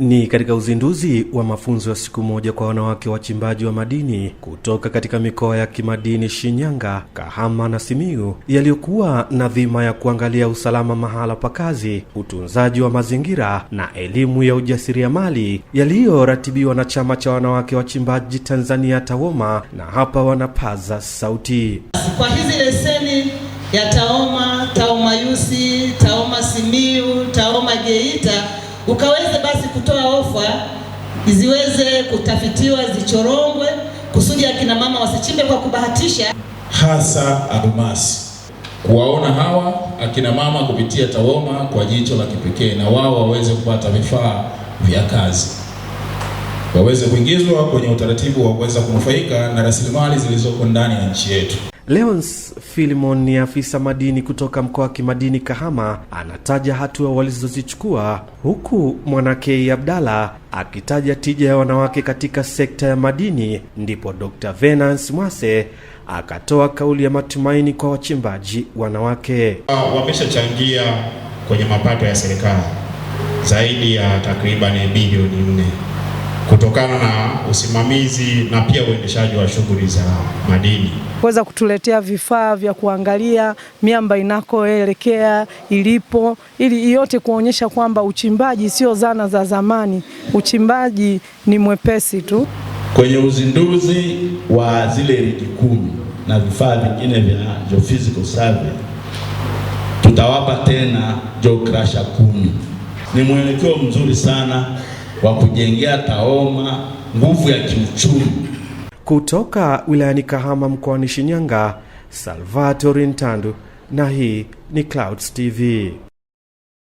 Ni katika uzinduzi wa mafunzo ya siku moja kwa wanawake wachimbaji wa madini kutoka katika mikoa ya kimadini Shinyanga, Kahama na Simiyu yaliyokuwa na dhima ya kuangalia usalama mahala pa kazi, utunzaji wa mazingira na elimu ya ujasiriamali yaliyoratibiwa na chama cha wanawake wachimbaji Tanzania TAWOMA, na hapa wanapaza sauti kwa hizi leseni ya TAWOMA, TAWOMA Yusi, TAWOMA Simiyu, TAWOMA Geita ukaweze basi kutoa ofa ziweze kutafitiwa, zichorongwe kusudi akina mama wasichimbe kwa kubahatisha, hasa almasi. Kuwaona hawa akina mama kupitia TAWOMA kwa jicho la kipekee, na wao waweze kupata vifaa vya kazi, waweze kuingizwa kwenye utaratibu wa kuweza kunufaika na rasilimali zilizoko ndani ya nchi yetu. Leons Filimon ni afisa madini kutoka mkoa wa kimadini Kahama, anataja hatua walizozichukua, huku mwanake Abdalla akitaja tija ya wanawake katika sekta ya madini. Ndipo Dr. Venance Mwase akatoa kauli ya matumaini kwa wachimbaji wanawake. Ah, wameshachangia kwenye mapato ya serikali zaidi ya takribani bilioni nne kutokana na usimamizi na pia uendeshaji wa shughuli za madini, kuweza kutuletea vifaa vya kuangalia miamba inakoelekea ilipo, ili yote kuonyesha kwamba uchimbaji sio zana za zamani, uchimbaji ni mwepesi tu. Kwenye uzinduzi wa zile rigi kumi na vifaa vingine vya geophysical survey, tutawapa tena geocrusher kumi. Ni mwelekeo mzuri sana wa kujengea Taoma nguvu ya kiuchumi. Kutoka wilayani Kahama mkoani Shinyanga, Salvatori Ntandu, na hii ni Clouds TV.